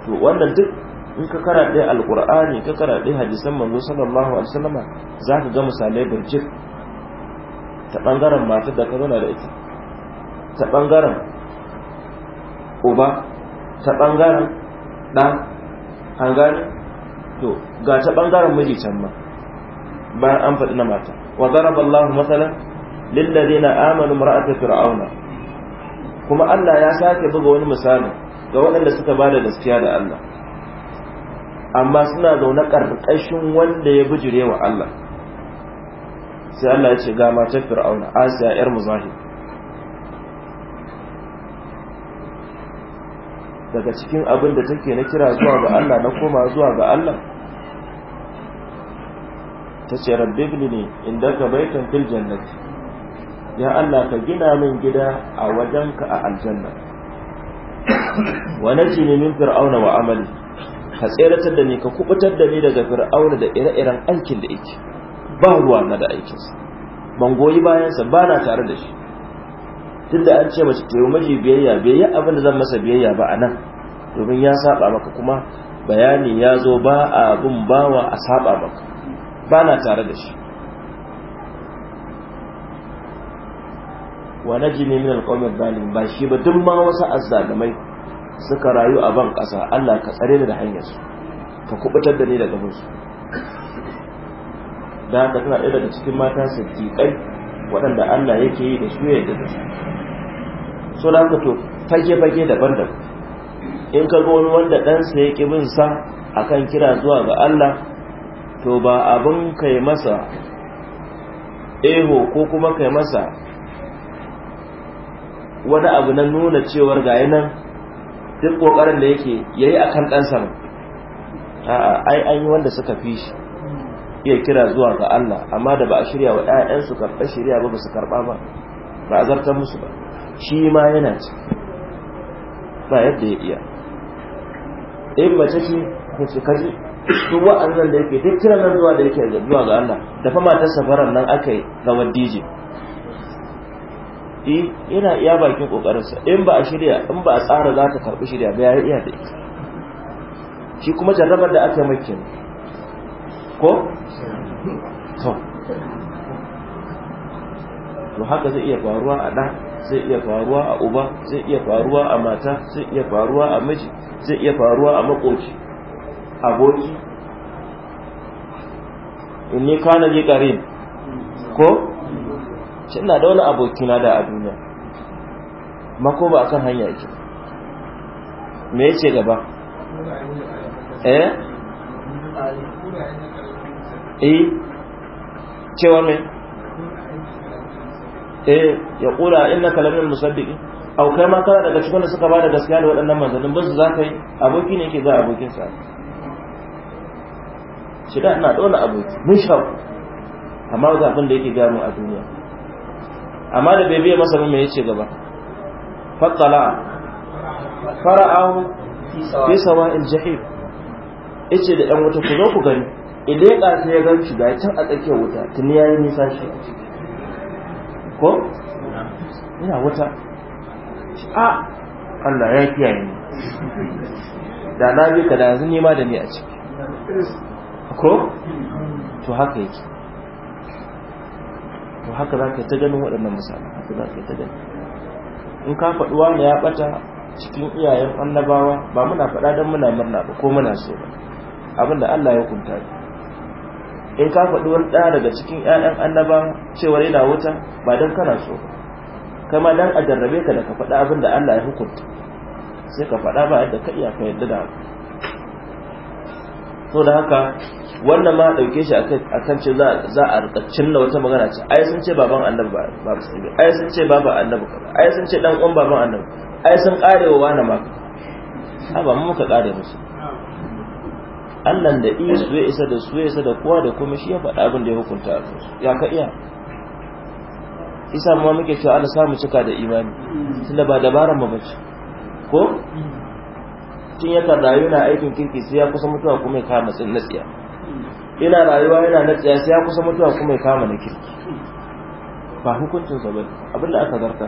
to wannan duk in ka karaɗe alƙur'ani ka karaɗe hadisan manzo sallallahu alaihi wasallama za ka ga misalai birjik ta ɓangaren mata da ka zauna da ita ta ɓangaren uba ta ɓangaren ɗan an gani to ga ta bangaren miji can ma bayan an faɗi na mata wa daraba Allahu masalan lil ladina amanu mar'ata fir'auna kuma Allah ya sake buga wani misali ga waɗanda suka bada gaskiya da Allah amma suna zaune ƙarƙashin wanda ya bijirewa Allah sai Allah ya ce ga matar fir'auna Asiya yar muzahid daga cikin abin da take na kira zuwa ga Allah na koma zuwa ga Allah ta ce rabbibni ne inda ka baitan fil jannati ya Allah ka gina min gida a wajenka a aljanna ji ne min fir'auna wa amali ka tseratar da ni ka kubutar da ni daga fir'auna da ire-iren aikin da yake ba ruwa na da aikinsa ban goyi bayansa ba na tare da shi tunda an ce mace ta yi maji biyayya biyayya abin da zan masa biyayya ba a nan domin ya saba maka kuma bayani ya zo ba a bin bawa a saba maka ba na tare da shi wa na ji ne min alƙawar zalim ba shi ba duk ma wasu azzalamai suka rayu a ban kasa allah ka tsare ni da hanyarsu ka kubutar da ni daga musu da haka tana ɗaya daga cikin mata siddiƙai waɗanda Allah yake yi da suya da su so da haka to fage-fage daban-daban in ka ga wani wanda ɗansa ya ƙi bin sa akan kira zuwa ga Allah to ba abin kai masa eho ko kuma kai masa wani abu na nuna cewar gayi nan duk ƙoƙarin da yake yayi akan ɗansa ba a'a ai an yi wanda suka fi shi iya kira zuwa ga Allah amma da ba a shirya wa ƴaƴansu karɓa shirya ba ba su karɓa ba ba a zartar musu ba shi ma yana ci ba yadda ya iya in mace ce ko ce kaji duk wa'annan da yake duk kiran nan zuwa da yake zuwa ga Allah da fama ta safaran nan aka yi ga wadije yana iya bakin kokarinsa in ba a shirya in ba a tsara za ta karɓi shirya ba ya iya da ita shi kuma jarrabar da aka yi mai kenan ko to to haka zai iya faruwa a ɗa zai iya faruwa a uba zai iya faruwa a mata zai iya faruwa a miji zai iya faruwa a makoci aboki In inni kana li ƙarin. ko ina da wani aboki na da a duniya mako ba akan hanya yake me yace gaba eh eh cewa me eh ya kula innaka kalamin musaddiqi au kai ma kana daga cikin da suka bada gaskiya da waɗannan manzannin ba su za ka yi aboki ne yake za abokin sa shi da ina dole aboki mun sha amma wata abin da yake gano a duniya amma da bai biya masa ba me yace gaba fatala fara'ahu fi sawa'il jahil Ice da ɗan wata ku zo ku gani idan ka sai ya gan shi ga can a tsakiyar wuta tuni ya yi nisa shi ko ina wuta a Allah ya kiyaye ni da na bi ka da yanzu nima da ni a ciki ko to haka yake to haka za ka ta ganin waɗannan misali haka za ka ta ganin in ka faɗi wani ya ɓata cikin iyayen annabawa ba muna faɗa don muna murna ba ko muna so ba abinda Allah ya hukunta ne in ka faɗi wani ɗaya daga cikin ƴaƴan annaba cewar yana wuta ba don kana so kai ma dan a jarrabe ka da ka faɗi abin da Allah ya hukunta sai ka faɗa ba yadda ka iya ka yadda da to da haka wannan ma ɗauke shi kan ce za a rikacin na wata magana ce ai sun ce baban annabi ba ba ne ai sun ce baban annabi kaza ai sun ce dan uwan baban annabi ai sun karewa wani ma ha ba mu muka kare musu Allah da iya su ya isa da su isa da kowa da kuma shi ya faɗa abin da ya hukunta a kansu ya ka iya isa ma muke cewa Allah samu cika da imani tunda ba dabaran mu bace ko tun yaka rayu na aikin kirki sai ya kusa mutuwa kuma ya kama tsin natsiya ina rayuwa yana natsiya sai ya kusa mutuwa kuma ya kama na kirki ba hukuncin sa bane abin da aka zarta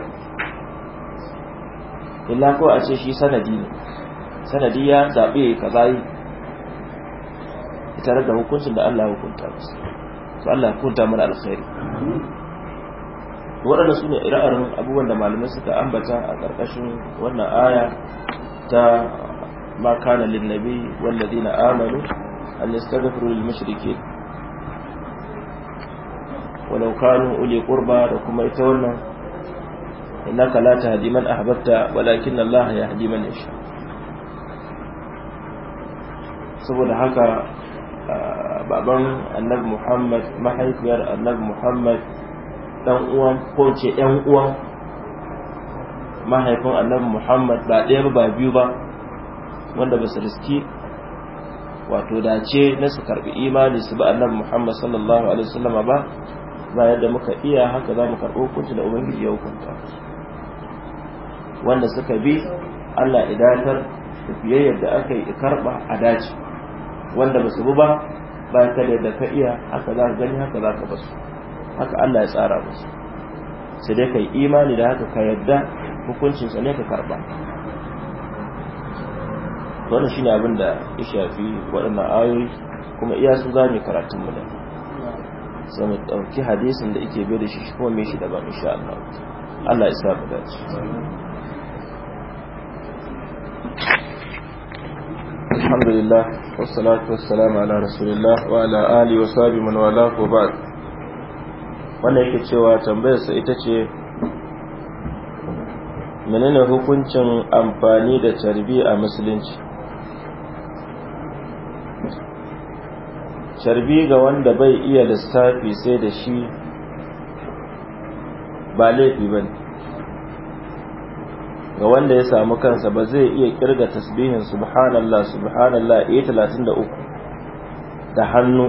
illa ko a ce shi sanadi ne sanadi ya zabe kaza yi tare da hukuncin da Allah ya hukunta musu Allah hukunta mana alkhairi waɗanda su ne ira'arin abubuwan da malamai suka ambata a ƙarƙashin wannan aya ta makana linnabi wanda wallazina amalu an yastaghfiru lil mushrikeen walau kanu uli Kurba, da kuma ita wannan ina kalata tahdi man ahbabta walakin Allah yahdi ya sha. saboda haka baban annabi muhammad mahaifiyar annabi muhammad dan uwan ko ce yan uwan mahaifin annabi muhammad ba ɗaya ba biyu ba wanda ba su riski wato dace na su karbi imani su ba annabi muhammad sallallahu alaihi wasallam ba ba yadda muka iya haka za mu karɓo kunci da ubangiji ya hukunta wanda suka bi allah idatar da fiye yadda aka yi karɓa a dace wanda ba su bi ba bayan ka da ka iya haka za ka gani haka za ka basu haka Allah ya tsara musu sai dai yi imani da haka ka yadda hukuncinsa ne ka karba wannan shine abin da ya shafi waɗannan ayoyi kuma iya su za mu karatun mu da sai mu ɗauki hadisin da yake bai da shi kuma mai shi daban insha Allah Allah ya sa mu dace الحمد لله والصلاة والسلام على cewa tambayarsa ita ce menene hukuncin amfani da carbi a musulunci carbi ga wanda bai iya lissafi sai da shi ba laifi ba ne ga wanda ya samu kansa ba zai iya kirga tasbihin subhanallah subhanallah iya talatin da uku da hannu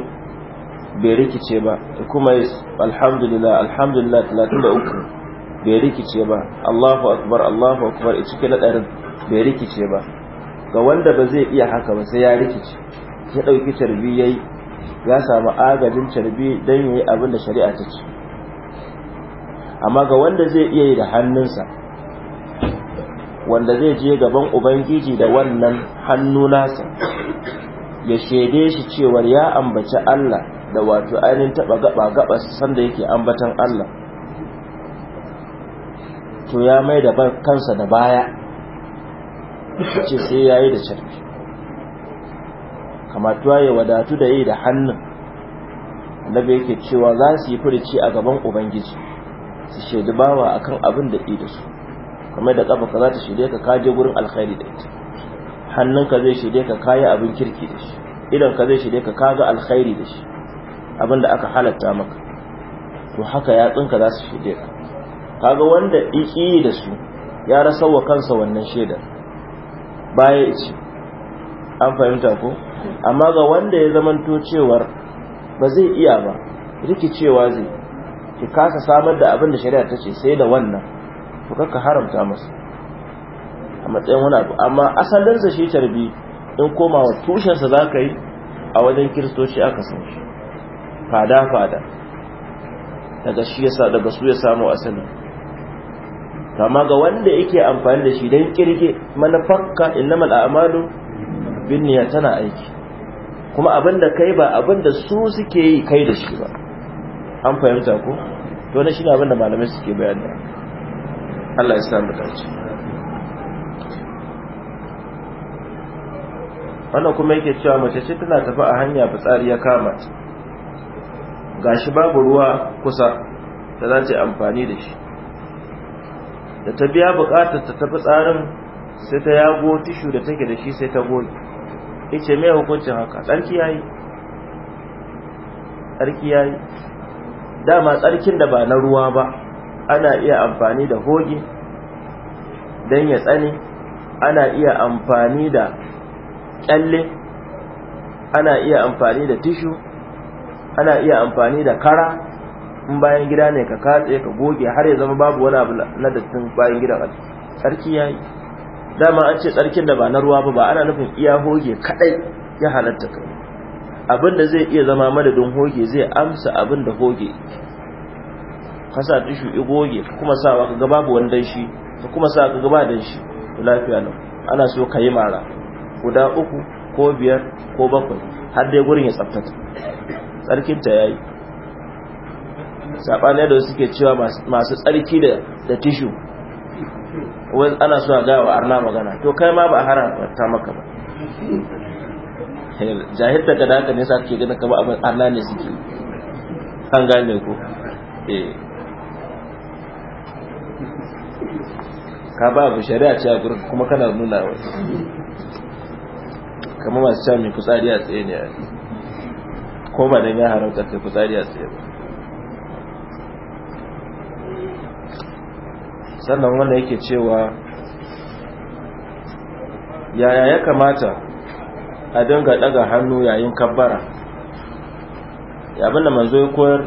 bai rikice ba kuma yi alhamdulillah alhamdulillah talatin da uku bai rikice ba allahu akbar allahu akbar ya cike ɗarin bai rikice ba ga wanda ba zai iya haka ba sai ya rikice ya ɗauki tarbiyyai ya yi ya samu agajin tarbi don ya yi abin da shari'a ta ce amma ga wanda zai iya yi da hannunsa wanda zai je gaban ubangiji da wannan hannu nasa ya shaide shi cewar ya ambaci Allah da wato ainihin taba gaba gaba sanda yake ambatan Allah to ya mai da kansa da baya ce sai yayi da kamar kamatuwa ya wadatu da yi da hannun annabi yake cewa za su yi furici a gaban ubangiji su shaidi bawa akan abin da da su kamar da kafa za ta shirya ka kaje je gurin alkhairi da ita hannunka zai shirya ka kayi abin kirki da shi idan ka zai shirya ka kaga alkhairi da shi abinda aka halatta maka to haka yatsunka za su shirya ka kaga wanda iki da su ya rasa wa kansa wannan shaidar baya ici an fahimta ko amma ga wanda ya zamanto cewar ba zai iya ba rikicewa zai ki kasa samar da abin da shari'a ta ce sai da wannan to kanka haramta masa a matsayin wani abu amma asalinsa shi tarbi in komawa tushensa za ka yi a wajen kiristoci aka san shi fada-fada daga shi yasa daga su ya samu asalin kama ga wanda yake amfani da shi don kirge manafaka innamal a'malu bin niyya tana aiki kuma abin da kai ba abin da su suke yi kai da shi ba an fahimta ko to na shi ne abin da malamai suke bayani Allah ya samu dace wannan kuma yake cewa mace ce tana tafi a hanya fitsari ya kama gashi babu ruwa kusa da za ta yi amfani da shi da ta biya bukatar ta tafi tsarin sai ta yago tishu da take da shi sai ta goge yace me hukuncin haka tsarki yayi tsarki yayi dama tsarkin da ba na ruwa ba ana iya amfani da hoge don ya tsane ana iya amfani da kyalle ana iya amfani da tishu ana iya amfani da kara in bayan gida ne ka katse ka goge har ya zama babu wani abu na dattin bayan gidan a tsarki yayi dama an ce tsarkin da ba na ruwa ba ba ana nufin iya hoge kadai ya halatta kai abin da zai iya zama madadin hoge zai amsa abin da hoge ka sa tishu goge ka kuma sa ka ga babu wani danshi ka kuma sa ka ga ba danshi to lafiya nan ana so ka yi mara guda uku ko biyar ko bakwai har dai gurin ya tsaftata tsarkinta ya yi saɓanai da suke cewa masu tsarki da tishu wani ana so a gawa arna magana to kai ma ba a ta maka ba jahil daga da haka ne sa ke gina kama abin arna ne suke an gane ko eh ka ba abu shari'a ce a gurin kuma kana nuna wa kama masu cewa kusari a tsaye ne a ko ba don ya haramta kai kusari a tsaye ba sannan wanda yake cewa yaya ya kamata a dinga daga hannu yayin kabbara abinda manzo ya koyar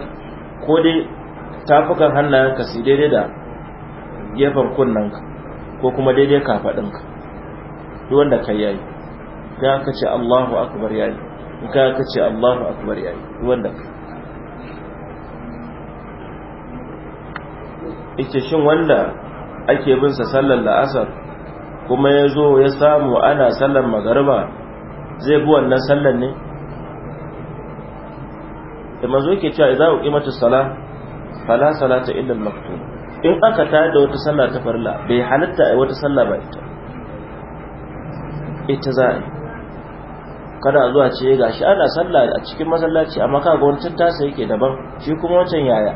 ko dai tafukan hannayen kasi daidai da gefen kunnanka ko kuma daidai ka duk wanda kai yayi ga ka ce Allahu akbar yayi ga ka ce Allahu akbar yayi duk wanda ita shin wanda ake bin sa sallar la'asar kuma yazo ya samu ana sallar magariba zai bi wannan sallar ne da manzo yake cewa idza uqimatus salah fala salata illa al-maktub in aka ta da wata sallah ta farla bai halatta a wata sallah ba ita ita za a kada zuwa ce ga shi ana sallah a cikin masallaci amma ka ga wancan tasa yake daban shi kuma wancan yaya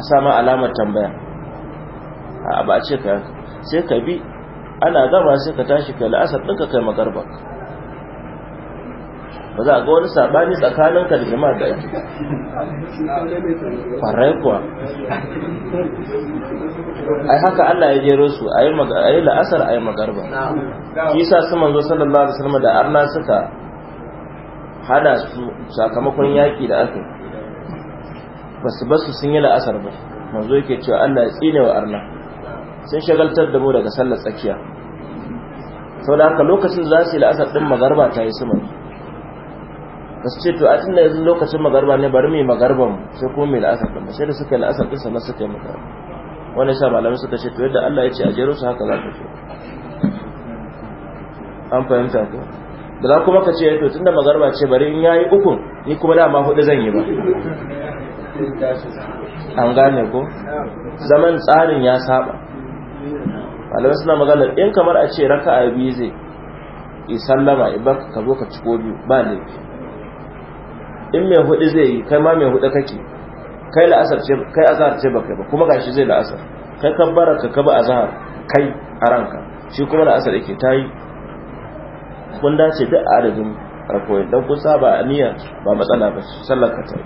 a sama alamar tambaya a ba ce ka sai ka bi ana gama sai ka tashi kai la'asar ɗinka kai magarba ba za a ga wani sabani tsakanin ka da jama'a da ake kwarai kuwa ai haka Allah ya jero su ayi ayi la'asar ayi magarba yasa su manzo sallallahu alaihi wasallam da arna suka hada su sakamakon yaki da aka basu basu sun yi la'asar ba manzo yake cewa Allah ya tsine wa arna sun shagaltar da mu daga sallar tsakiya sau da haka lokacin za su yi la'asar din magarba ta yi su manzo ba su ce to a tun da yanzu lokacin magarba ne bari mai magarban sai kuma mai la'asar ɗin sai da suka yi la'asar ɗin sannan suka yi magarba wani sa malamai suka ce to yadda Allah ya ce a jero su haka za ka ce an fahimta ko da za kuma ka ce to tun da magarba ce bari in yayi ukun ni kuma dama hudu zan yi ba an gane ko zaman tsarin ya saba malamai suna magana in kamar a ce raka'a biyu zai yi sallama ibaka ka zo ka ciko biyu ba laifi in mai hudu zai yi kai ma mai hudu kake kai la'asar ce kai azhar ce ba kai ba kuma gashi zai la'asar kai kabbara ka kaba azhar kai a ranka shi kuma la'asar yake yi kun dace duk adadin rakoyi don kun saba niyya ba matsala ba sallar ka yi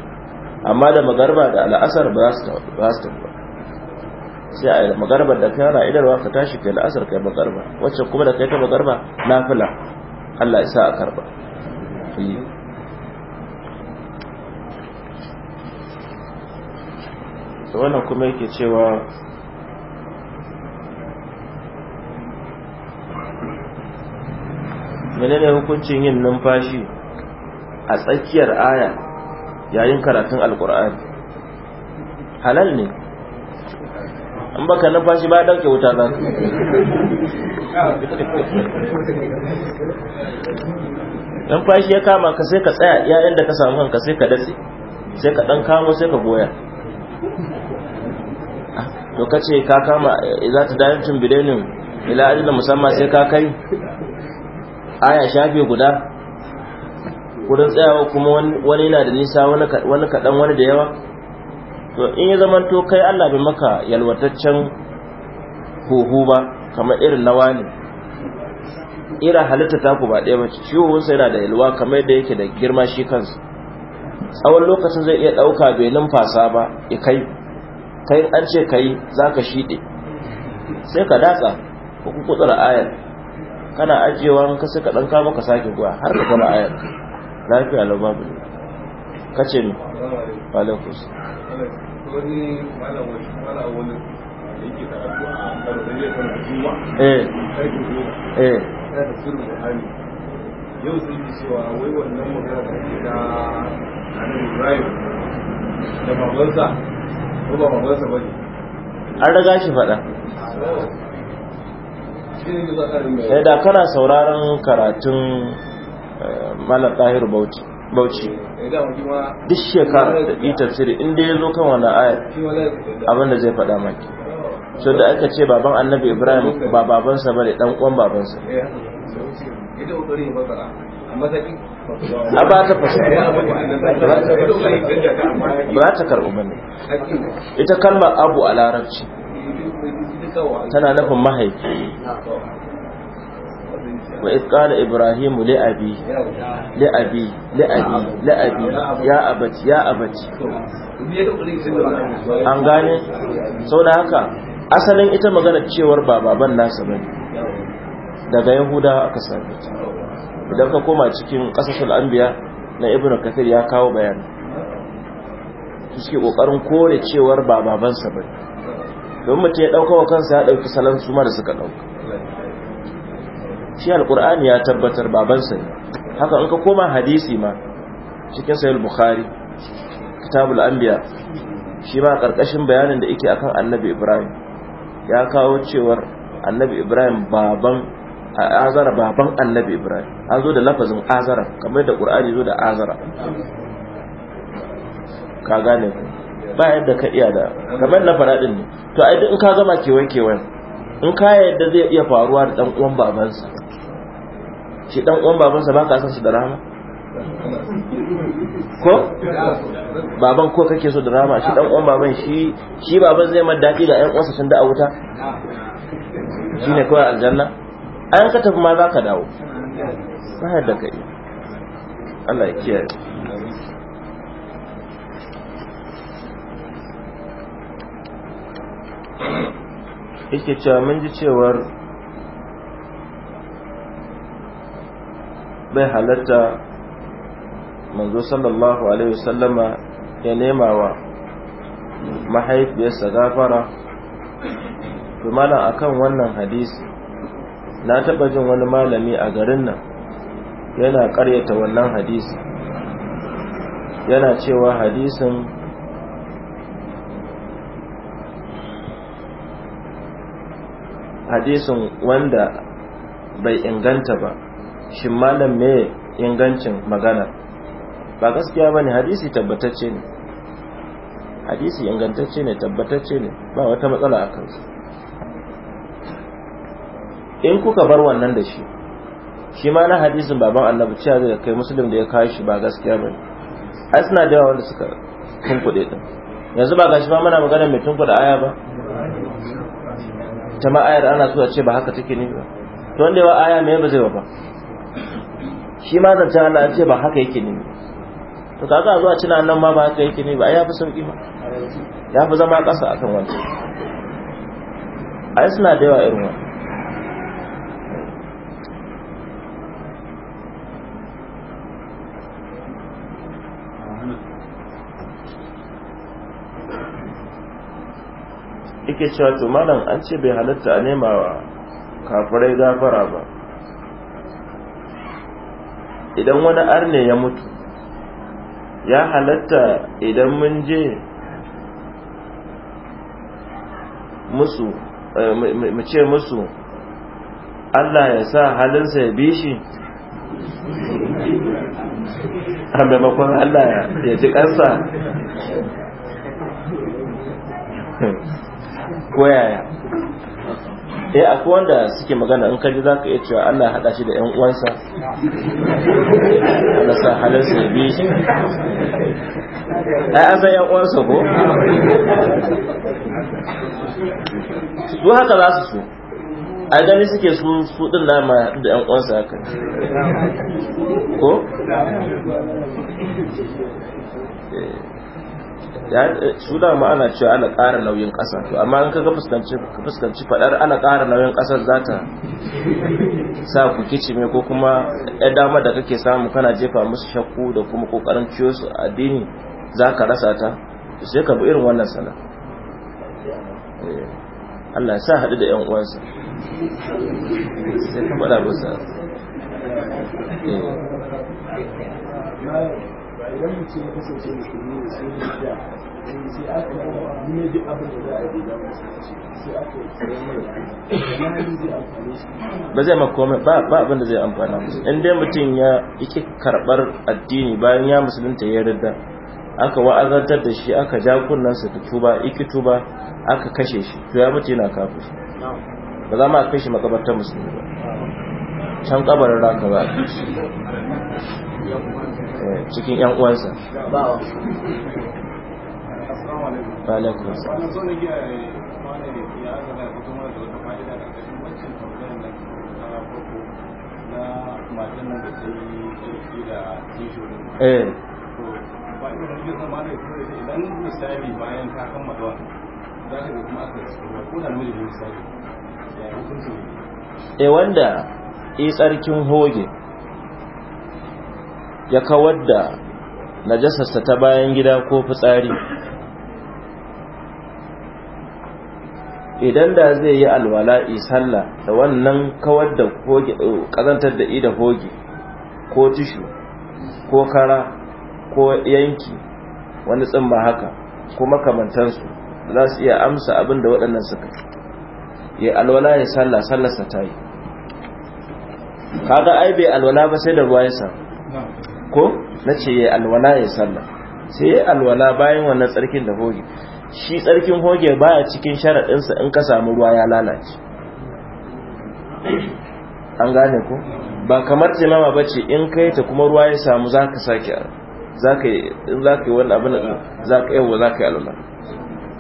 amma da magarba da la'asar ba su ba su ba sai a yi magarbar da kai ana idarwa ka tashi kai la'asar kai magarba wacce kuma da kai ta magarba nafila Allah ya sa a karba da wannan kuma yake cewa menene hukuncin yin numfashi a tsakiyar aya yayin karatun alkur'ani halal ne an baka numfashi ba dauke wuta za numfashi ya kama ka sai ka tsaya yayin da ka samu kanka sai ka datse sai ka dan kamo sai ka goya to kace ka kama za ta dalatun bidainin ila ajin musamman sai ka kai aya shafe guda wurin tsayawa kuma wani yana da nisa wani kaɗan wani da yawa to in ya zama to kai allah bai maka yalwataccen huhu ba kamar irin nawa ne ira halitta taku ba ɗaya ba ciwonsa yana da yalwa kamar yadda yake da girma shi kansa tsawon lokacin zai iya ɗauka bai numfasa ba ya kai kai an ce kai za ka shiɗe sai ka datsa ko kukutsura ayar kana ajiyewa ka sai ka ɗan kama ka sake guwa har ka fara ayar lafiya lau babu ne ka ce mi falon kusa eh eh yau sai ke cewa wai wannan magana da ke da Ibrahim da babansa an riga shi faɗa sai eh, da kana sauraron karatun eh, malar ɗahiru bauchi eh, duk shekara da ita siri inda ya zo kan wani ayar abinda zai faɗa maki so da aka ce baban annabi ibrahim ba babansa ba ne ɗan ƙwan babansa a ba ta fasara ba ta karɓi ba ne ita kalmar abu a larabci tana nufin mahaifi wa iskala ibrahimu li'abi li'abi li'abi li'abi ya abaci ya abaci an gane sau da haka asalin ita magana cewar ba baban nasa bane daga yahuda aka same ta idan ka koma cikin kasashen anbiya na ibnu kathir ya kawo bayani suke kokarin kore cewar ba babansa ba don mutum ya dauka wa kansa ya dauki salon su ma da suka dauka shi alkur'ani ya tabbatar babansa ne haka in ka koma hadisi ma cikin sahih bukhari kitabul anbiya shi ma karkashin bayanin da yake akan annabi ibrahim ya kawo cewar annabi ibrahim baban azara baban annabi ibrahim an zo da lafazin azara kamar da qur'ani zo da azara ka gane ku ba yadda ka iya da kamar na faradin ne to ai in ka gama kewaye kewayen in ka yadda zai iya faruwa da dan uwan babansa shi dan uwan babansa ba ka san shi da rahama ko baban ko kake so da rahama shi dan uwan baban shi shi baban zai madadi ga ƴan uwansa sun da a wuta shine kawai aljanna an ka tafi ma za ka dawo ba da kai. Allah ya kiyaye yake cewa mun ji cewar bai halatta manzo sallallahu alaihi wasallama ya nema wa mahaifiyarsa gafara to akan wannan hadisi na taɓa jin wani malami a garin nan yana ƙaryata wannan hadisi yana cewa hadisin hadisin wanda bai inganta ba shi malam mai ingancin magana ba gaskiya ba ne hadisi tabbatacce ne hadisi ingantacce ne tabbatacce ne ba wata matsala a kansu in kuka bar wannan da shi shi ma na hadisin baban annabi cewa zai kai musulun da ya kawo shi ba gaskiya bane ai suna da yawa wanda suka tunkuɗe din yanzu ba gashi ba muna magana mai tunkuɗa aya ba ta ma'ayar ana so a ce ba haka take ne ba to wanda yawa aya me ba zai ba shi ma zancen Allah an ce ba haka yake ne to ka a zuwa cina nan ma ba haka yake ne ba ai ya fi sauki ma ya fi zama ƙasa akan wancan ai suna da yawa irin wannan suke cewa to malam an ce bai halatta a nema wa kafirai gafara ba idan wani arne ya mutu ya halatta idan mun je musu eh, mu ce musu Allah ya sa halinsa ya bi shi a maimakon Allah ya ji ƙasa ko yaya eh akwai wanda suke magana in kaji za iya cewa Allah na shi da 'yan uwansa Allah sa halarsa bi shi ai an san uwansa ko su haka a gani suke na ma da uwansa ko eh. su da ma ana cewa ana ƙara nauyin ƙasa to amma in kaga fuskanci fuskanci fadar ana ƙara nauyin ƙasar zata sa ku kici kicime ko kuma ya dama da kake samu kana jefa musu shakku da kuma kokarin ciyo su addini zaka rasa ta sai ka bi irin wannan sana eh, Allah ya sa hadu da ƴan uwansa sai ka faɗa musu eh. idan mutum ya kasance musulmi da sun yi da sai aka yi duk abin da za a yi da sai aka yi ba zai makome ba ba abin da zai amfana in dai mutum ya yake karbar addini bayan ya musulunta ya yarda aka wa'azantar da shi aka ja kunnansa ta tuba iki tuba aka kashe shi to ya mutu yana kafu ba za ma kashe makabartar musulmi ba can kabarin raka ba eh, cikin yan uwansa e wanda tsarkin hoge ya kawar da najasarsa ta bayan gida ko fitsari idan da zai yi alwala'i sallah da wannan kawar da kazantar da ida hoge ko tishu ko kara ko yanki wani tsimba haka ko makamantansu za su iya amsa abin da waɗannan suka yi alwala ya sallah sallarsa ta yi Kada ai bai alwala ba sai da ruwa ya samu ko na ce yi alwala ya sallah sai yi alwala bayan wannan tsarkin da hoge shi tsarkin hoge baya cikin sharaɗinsa in ka samu ruwa ya lalace an gane ku ba kamar jimama ba ce in kai ta kuma ruwa ya samu za ka sake za ka yi wani abin za ka yawo za ka yi alula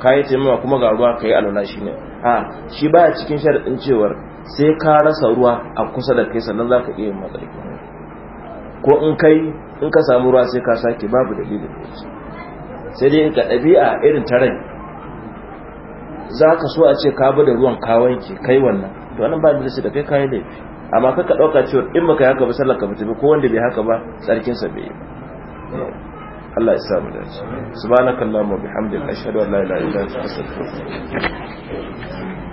ka yi jimama kuma ga ruwa ka yi alula shi ne ha shi baya cikin sharaɗin cewar sai ka rasa ruwa a kusa da kai sannan za ka iya yin matsarki ko in kai in ka samu ruwa sai ka sake babu dalilin da sai dai ga ɗabi'a irin ta rai za ka so a ce ka bi da ruwan kawai ke kai wannan to wannan ba da shi da kai kayi laifi amma ka ka ɗauka cewa in baka yi haka ba sallar ka ba tafi ko wanda bai haka ba tsarkin sa bai yi ba Allah ya samu dace subhanakallahumma bihamdika ashhadu an la ilaha illa anta astaghfiruka